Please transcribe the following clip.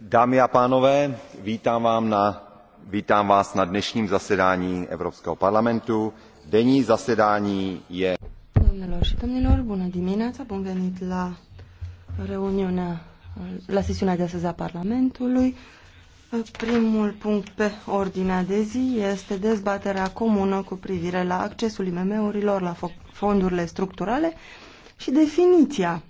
dámy a pánové vítám vás na dnešním zasedání evropského parlamentu. denní zasedání je. bună dimineața bun venit la reuniunea la sesiunea de parlamentului. Primul punct pe ordinea de zi este dezbaterea comună cu privire la accesul IMM-urilor la fondurile structurale și definiția